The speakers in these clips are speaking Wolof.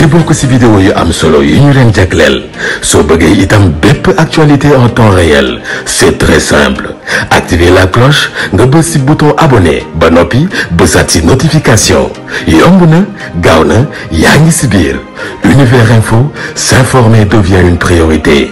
ci bokk si vidéo yu am solo yu ñu leen jagleel soo bëggee itam bépp actualité en temps réel c'est très simple activer la cloche nga bës si bouton abonné ba noppi ba bësaat si notification yomb na gaaw na yaa ngi si biir univers info s'informer devient une priorité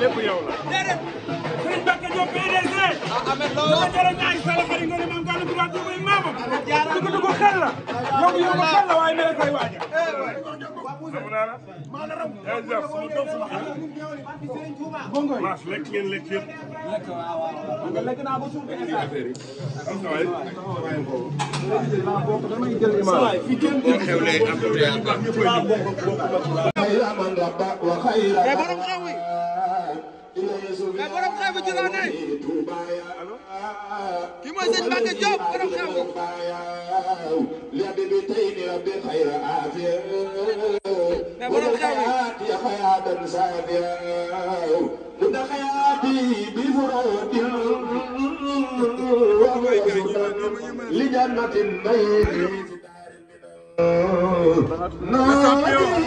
lépp yow la. déedéet sëriñ Mbacke Diop PDG. ah Ahmed Lo la jërëjëf ñaari sala xarit nga ne maam Gallou Gouda Diop ay maamam. Ah, dugg dugg xel la. Ah, yow yow ko xel la waaye mel koy waajal. xam eh, naa la. jërëjëf sama doom sama xel. bongo yi maas lekk ngeen lekk yëpp. lekk waaw waaw nga lekk naa ba suuf bi instant. am na waay. وخير mais borom xew bi jëloon nañ kii mooy sëñ Mbacke Diop borom xew bi mais borom xew bi لجنة النيل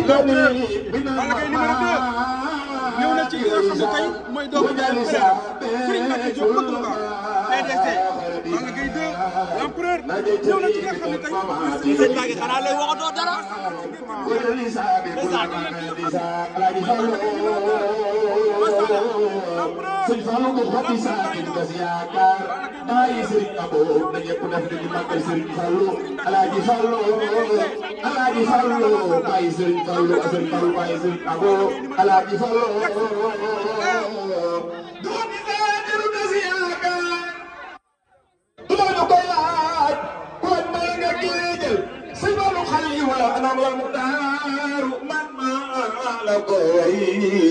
نادي بنا nga xam ne lu baax PDC Balla Gaye 2 l'empereur ñëw na ci nga xam ne tey sëñ Mbacke xanaa lay waxatoo dara sëñ Fallou ko xati sa ci gas yaakaar bàyyi Serigne Abo na alaaji fallu bàyyi sëriñ fallu sëriñ fallu bàyyi sëriñ ago alaaji fallu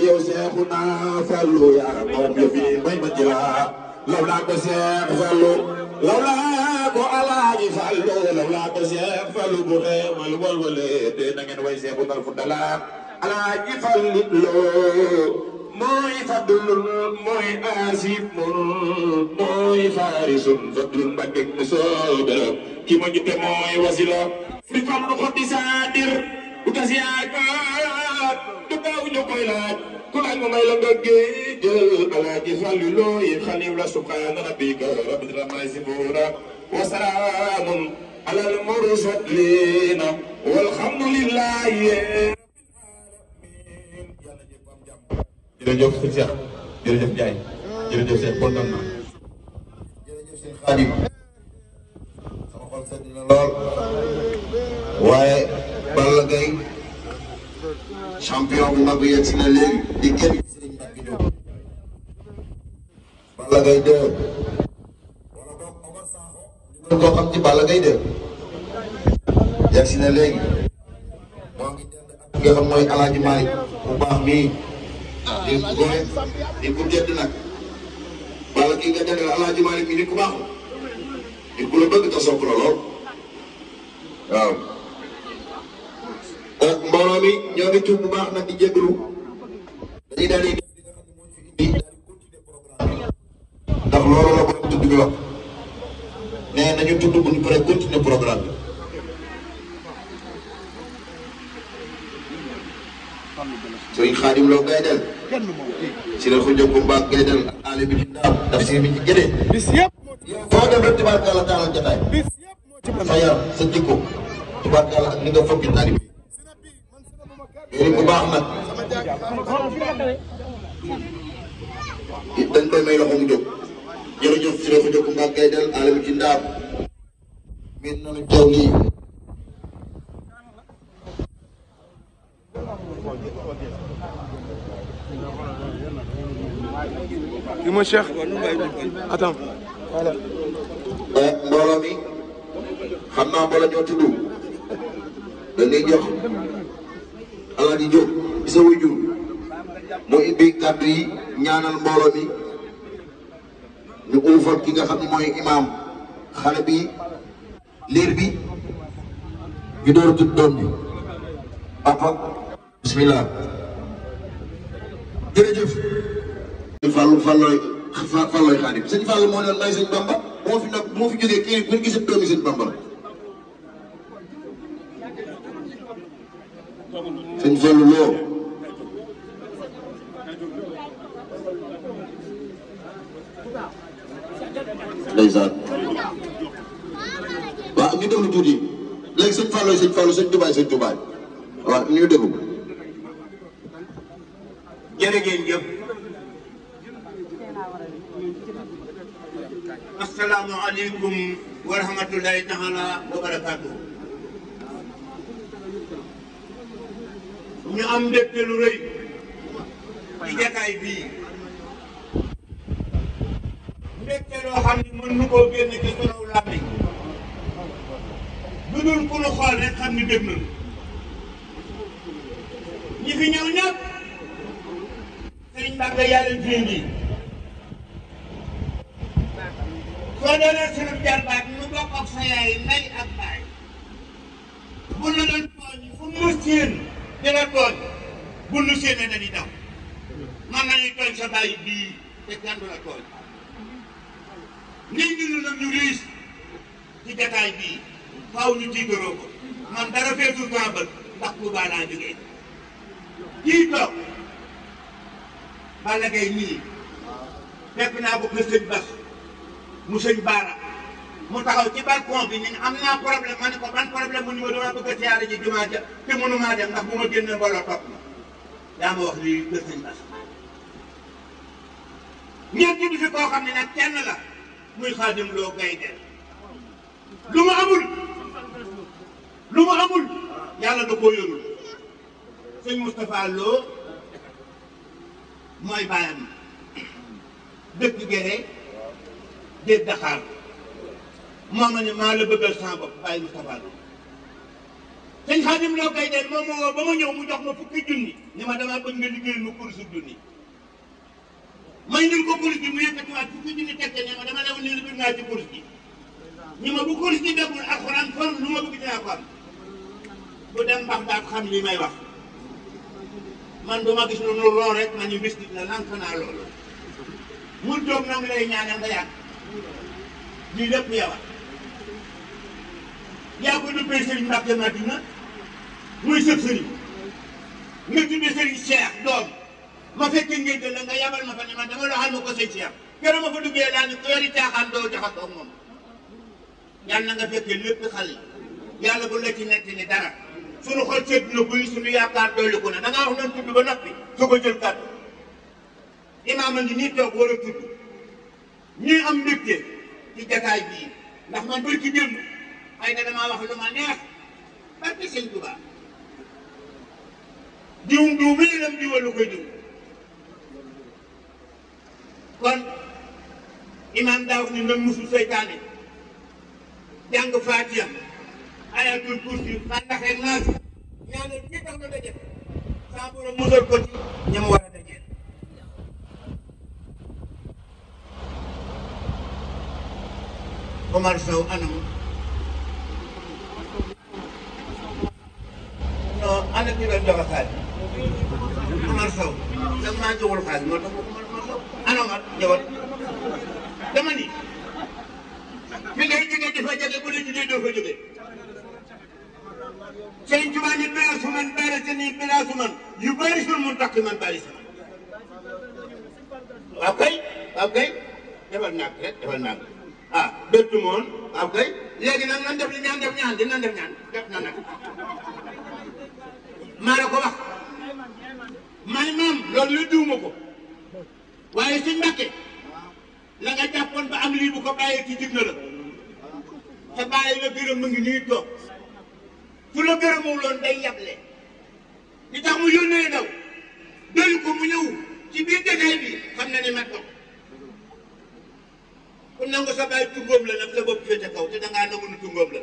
yow seexuna fallu yaa moom la fi may ma jëla law laa ko seex fallu law laa ne ko alaaji Fallu law laa ko Seex Fallu bu xeewal walwalee te na ngeen way Seexu Ndar Fuuta la alaaji Fallu loo mooy fadlul mooy aasif munul mooy faarisun fadlul mbàkke mu sooda ki ma ñu te mooy wasila bi fam lu xotti saadir bu tas yaakaar du gaaw ñu koy laaj ku laaj ma may la nga géej jël alaaji Fallu looy xaliw la subhaana rabbika rabbil izzati amma yasifuun وسلام على المرسلين والحمد لله jërëjëf sëñ Cheikh jërëjëf Ndiaye jërëjëf sëñ kontaan naa jërëjëf sëñ Xaadim sama xol sedd na lool waaye Balla Gaye champion bu mag bi yegg si na léegi di génn sëriñ Mbacke Diop Balla Gaye 2 wala boog Omar Sakho loolu koo xam ci Balla Gaye de yegg si na léegi moo ngi dend xam mooy Alaaji Malick bu baax mii di gone di nag Balla kii nga dend Alaaji Malick mi nit ku baax nit ku la bëgg te sopp la mi ñoo ngi tuub bu baax nag di jégalu dañuy daal la ko tudd bi wax mais nañu tudd bu ñu paree continuer programme bi. sëriñ Xaadim Lo Gaydel si la ko jóg bu mbaa Gaydel ak aale daf si bi ci génee foo dem rek tubaarkàlla taalal jotaay sa yar sa jikko tubaarkàlla ak ni nga fokki tari bi yooyu bu baax nag dañ koy may loxo mu jóg jërëjëf si la ko jóg bu mbaa Gaydel aale bi miin nañu coow lii li ma eh, xam naa bala ñoo tudd Alaaji Jóob bi sa wujur mu ibbi yi ñaanal mbooloo ñu uufal ki nga mooy imaam xale bi liir bi ñu doom bi papa bismillah jërëjëf sëñ Fallou Fallou Fallou Xaadim sëñ Fallou moo doon may sëñ Bamba moo fi nag moo fi jógee kii bu ñu gisee doomi sëñ Bamba sëñ Fallou loo ndeysaan déglu jur yi léegi sëñ Fallou sëñ Fallou sëñ Touba sëñ Touba waaw ñu déglu ko. jërë ngeen jëf. asalaamaaleykum wa barakaatu. ñu am mbégte lu rëy. ci jataay bii. mbégte loo xam ne mën nu koo génn ci sunu làmmiñ lu dul ku la xool rek xam ni dégg nañu ñi fi ñëw ñëpp sëriñ Mbàkke yàlla leen fi indi soo jarbaat nu bokk ak sa yaay nay ak baay bu la doon tooñ fu mu séen di la tooñ bu nu séenee dañuy daw man nañuy tooñ sa baay bii te kenn du la tooñ nit ñi ñu riis ci jataay bii faaw ñu tiitaroo ko man dara feetul maa bët ndax Touba laa jógee kii toog Balla Gaye nii fekk naa ko kër sëñ Bas mu sëñ Baara mu taxaw ci balcon bi ñu am naa problème ma ne ko ban problème mu ni ma dama bëgg a siyaare ji wax lii kër sëñ Bas ñeent ñi di fi koo xam ne nag kenn la muy Xaadim Loo Gaynde lu ma amul lu mu amul yàlla da koo yorul sëñ Moustapha Lo mooy bàyyam dëkk Gere déet Dakar moo ma ne maa la bëggal sama bàyyi Moustapha Lo sëñ Xaadim koy dee moom moo woo ba ma ñëw mu jox ma fukki junni ni ma damaa bëgg nga liggéeyal ma kursu junni may nañ ko kurus gi mu yëkkatiwaat fukki junni teg te ne ma dama lew ne la bëgg ci kurus gi ñu ma bu kurus gi demul alxuraan fan lu ma bëgg dinaa ko dem Bagdad xam li may wax man du ma gis lu nu loo rek ma ñu bis la lank naa loolu mun toog na ngi lay ñaanal nga yàgg lii lépp yow yaa ko duppee Serigne Mbacke Madina doom ma fekk ngeen la nga yabal ma fa ne ma dama loxal ma ko sëñ Cheikh keroog ma fa duggee daal ni ko yori caaxaan doo jaxasoo moom yàlla na nga fekkee lépp xale yàlla bu la ci nettali dara. suñu xol sedd na buy suñu yaakaar dolliku na da ngaa wax noonu tudd ba noppi su ko jël kàddu a nii toog war a tudd am mbégte ci i bii ndax man bari ci démb xëy na damaa wax lu ma neex barke sëñ Tuubaa diwum diw mii lam diwa lu koy diw kon imaam daaw ni nan musul seytaane jàng faatiyam ayatul kursi àndax ak naas ñaanal saa borom musal ko ci ña mu war a daje Omar Sow anam ana ki doon joxe xaalis Omar Sow da maa joxul xaalis moo tax Omar Sow ana Omar ñëwal dama ni mi ngay jógee dafa jage bu la jógee doo fa jógee sëñ Tuba ni bilaa su man baari sa nii bilaa su man yu baari su mun takk man baari sa man waaw kay waaw kay defal naag rek defal naag ah béttu moon waaw kay léegi nag nan def li ñaan def ñaan dinañ def ñaan def na nag maa la ko wax may maam loolu lu duuma ko waaye suñ Mbàkke la nga jàppoon ba am lii bu ko bàyyee ci jig na la te bàyyi la biiram mu ngi nii toog bu la gërëmoo loon day yable li tax mu yónnee ndaw doyu ko mu ñëw ci biir détail bi xam na ne mat ko ku nangu sa bàyyi tungóom la nag sa bopp féete kaw te dangaa nangu nu tungóom la